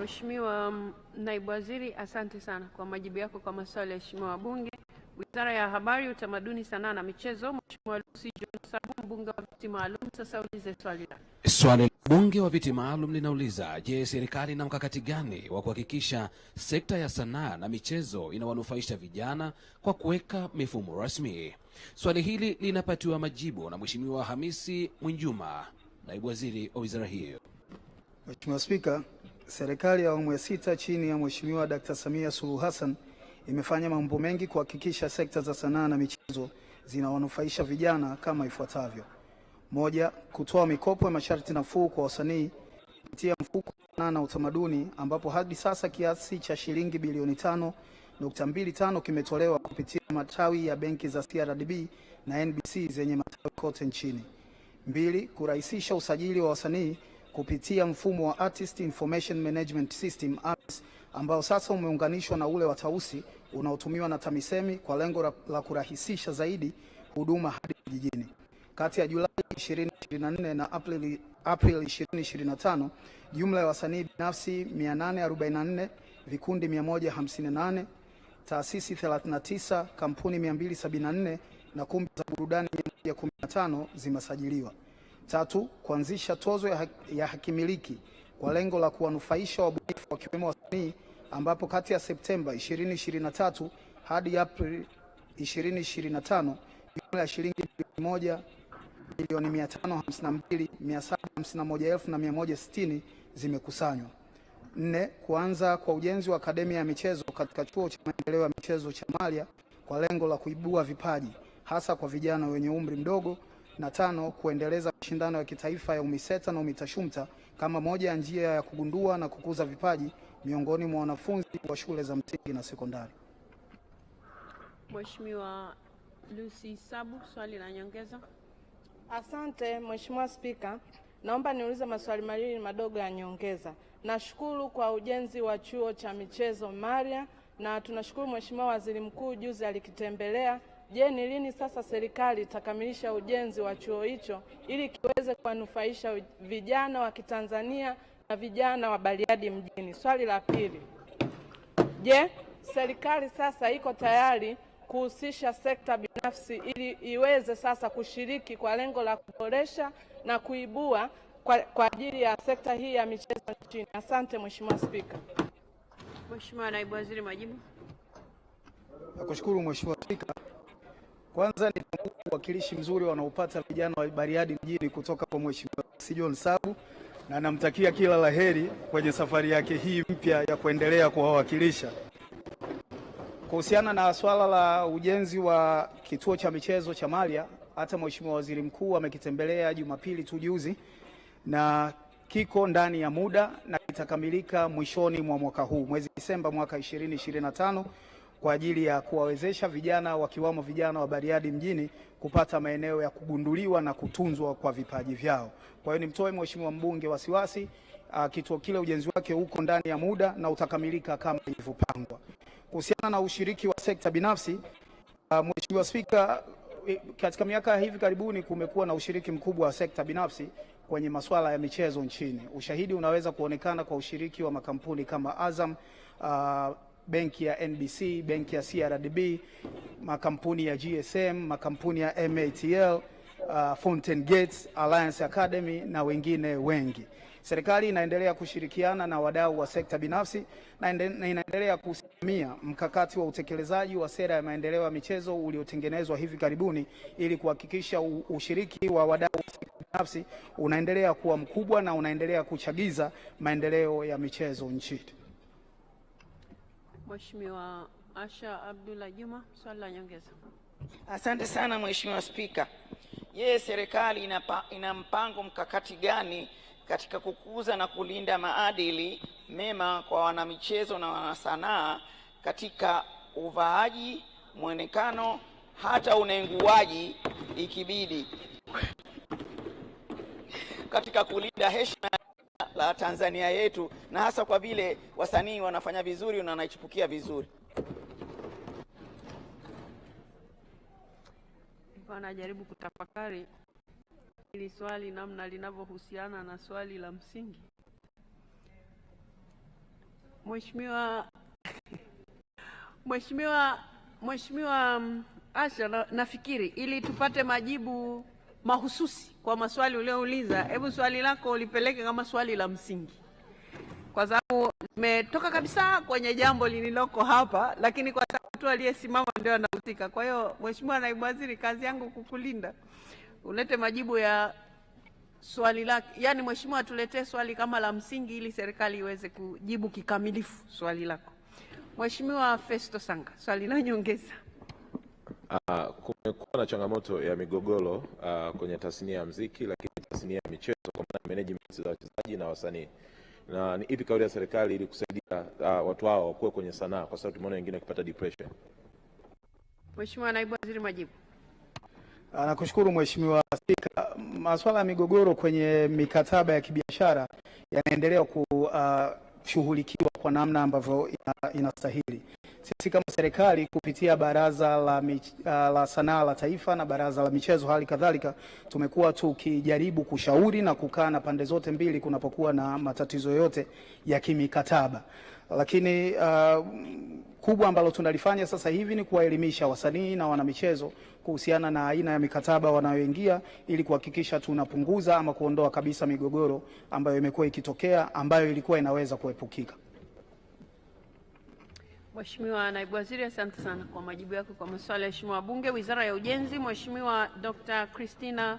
Mheshimiwa Naibu Waziri, asante sana kwa majibu yako kwa maswali ya waheshimiwa wabunge. Wizara ya Habari, Utamaduni, Sanaa na Michezo, Mheshimiwa Lucy John Sabu, mbunge wa viti maalum, sasa ulize swali lako. Swali la mbunge wa viti maalum linauliza, je, serikali ina mkakati gani wa kuhakikisha sekta ya sanaa na michezo inawanufaisha vijana kwa kuweka mifumo rasmi? Swali hili linapatiwa majibu na Mheshimiwa Hamisi Mwinjuma, naibu waziri wa wizara hiyo. Mheshimiwa Spika, Serikali ya awamu ya sita chini ya Mheshimiwa Dkt. Samia Suluhu Hassan imefanya mambo mengi kuhakikisha sekta za sanaa na michezo zinawanufaisha vijana kama ifuatavyo: moja, kutoa mikopo ya masharti nafuu kwa wasanii kupitia mfuko wa sanaa na utamaduni, ambapo hadi sasa kiasi cha shilingi bilioni 5.25 kimetolewa kupitia matawi ya benki za CRDB na NBC zenye matawi kote nchini. Mbili, kurahisisha usajili wa wasanii kupitia mfumo wa Artist Information Management System ARMIS, ambao sasa umeunganishwa na ule wa Tausi unaotumiwa na TAMISEMI kwa lengo la, la kurahisisha zaidi huduma hadi vijijini. Kati ya Julai 2024 na Aprili, Aprili 2025 jumla ya wasanii binafsi 844, vikundi 158, taasisi 39, kampuni 274 na kumbi za burudani 115 zimesajiliwa. Tatu, kuanzisha tozo ya, ya hakimiliki kwa lengo la kuwanufaisha wabunifu wakiwemo wasanii, ambapo kati ya Septemba 2023 hadi Aprili 2025 jumla ya shilingi bilioni moja milioni 552,751,160 zimekusanywa. Nne, kuanza kwa ujenzi wa akademia ya michezo katika Chuo cha Maendeleo ya Michezo cha Malya kwa lengo la kuibua vipaji hasa kwa vijana wenye umri mdogo. Na tano, kuendeleza mashindano ya kitaifa ya UMISETA na UMITASHUMTA kama moja ya njia ya kugundua na kukuza vipaji miongoni mwa wanafunzi wa shule za msingi na sekondari. Mheshimiwa Lucy Sabu, swali la nyongeza. Asante Mheshimiwa Spika, naomba niulize maswali mawili madogo ya nyongeza. Nashukuru kwa ujenzi wa chuo cha michezo Maria, na tunashukuru Mheshimiwa Waziri Mkuu juzi alikitembelea Je, ni lini sasa serikali itakamilisha ujenzi wa chuo hicho ili kiweze kuwanufaisha vijana wa Kitanzania na vijana wa Bariadi mjini? Swali la pili, je, serikali sasa iko tayari kuhusisha sekta binafsi ili iweze sasa kushiriki kwa lengo la kuboresha na kuibua kwa, kwa ajili ya sekta hii ya michezo nchini? Asante Mheshimiwa Spika. Mheshimiwa Naibu Waziri, majibu. Nakushukuru Mheshimiwa Spika. Kwanza ni uwakilishi mzuri wanaopata vijana wa Bariadi mjini kutoka kwa Mheshimiwa Rais John Sabu, na namtakia kila laheri kwenye safari yake hii mpya ya kuendelea kuwawakilisha. Kuhusiana na swala la ujenzi wa kituo cha michezo cha Malya, hata Mheshimiwa Waziri Mkuu amekitembelea Jumapili tu juzi, na kiko ndani ya muda na kitakamilika mwishoni mwa mwaka huu mwezi Disemba mwaka 2025 kwa ajili ya kuwawezesha vijana wakiwamo vijana wa Bariadi mjini kupata maeneo ya kugunduliwa na kutunzwa kwa vipaji vyao. Kwa hiyo nimtoe mheshimiwa mbunge wasiwasi, uh, kituo kile ujenzi wake uko ndani ya muda na utakamilika kama ilivyopangwa. Kuhusiana na ushiriki wa sekta binafsi, uh, Mheshimiwa Spika, katika miaka hivi karibuni kumekuwa na ushiriki mkubwa wa sekta binafsi kwenye masuala ya michezo nchini. Ushahidi unaweza kuonekana kwa ushiriki wa makampuni kama Azam, uh, benki ya NBC, benki ya CRDB, makampuni ya GSM, makampuni ya MATL, uh, Fountain Gates, Alliance Academy na wengine wengi. Serikali inaendelea kushirikiana na wadau wa sekta binafsi na inaendelea kusimamia mkakati wa utekelezaji wa sera ya maendeleo ya michezo uliotengenezwa hivi karibuni ili kuhakikisha ushiriki wa wadau wa sekta binafsi unaendelea kuwa mkubwa na unaendelea kuchagiza maendeleo ya michezo nchini. Mheshimiwa Asha Abdullah Juma, swali la nyongeza. Asante sana Mheshimiwa Spika. Je, serikali inapa, ina mpango mkakati gani katika kukuza na kulinda maadili mema kwa wanamichezo na wanasanaa katika uvaaji, mwonekano, hata unenguaji ikibidi, katika kulinda heshima la Tanzania yetu, na hasa kwa vile wasanii wanafanya vizuri na wanachipukia vizuri. Anajaribu kutafakari hili swali namna linavyohusiana na swali la msingi. Mheshimiwa Mheshimiwa Mheshimiwa mm, Asha, nafikiri ili tupate majibu mahususi kwa maswali uliouliza. Hebu swali lako ulipeleke kama swali la msingi, kwa sababu nimetoka kabisa kwenye jambo lililoko hapa, lakini kwa sababu tu aliyesimama ndio anahusika. Kwa hiyo, Mheshimiwa Naibu Waziri, kazi yangu kukulinda, ulete majibu ya swali lake, yani mheshimiwa atuletee swali kama la msingi ili serikali iweze kujibu kikamilifu swali lako. Mheshimiwa Festo Sanga, swali la nyongeza. Uh, kumekuwa na changamoto ya migogoro uh, kwenye tasnia ya mziki lakini tasnia ya michezo kwa maana management za wachezaji na wasanii, na ni ipi kauli ya serikali ili kusaidia uh, watu hao wakuwe kwenye sanaa, kwa sababu tumeona wengine wakipata depression? Mheshimiwa Naibu Waziri, majibu. Nakushukuru Mheshimiwa Spika, masuala ya migogoro kwenye mikataba ya kibiashara yanaendelea kushughulikiwa uh, kwa namna ambavyo inastahili sisi kama serikali kupitia Baraza la, ah, la Sanaa la Taifa na Baraza la Michezo hali kadhalika, tumekuwa tukijaribu kushauri na kukaa na pande zote mbili kunapokuwa na matatizo yote ya kimikataba, lakini uh, kubwa ambalo tunalifanya sasa hivi ni kuwaelimisha wasanii na wanamichezo kuhusiana na aina ya mikataba wanayoingia ili kuhakikisha tunapunguza ama kuondoa kabisa migogoro ambayo imekuwa ikitokea ambayo ilikuwa inaweza kuepukika. Mheshimiwa Naibu Waziri, asante sana kwa majibu yako kwa maswali ya Mheshimiwa bunge Wizara ya Ujenzi, Mheshimiwa Dr. Christina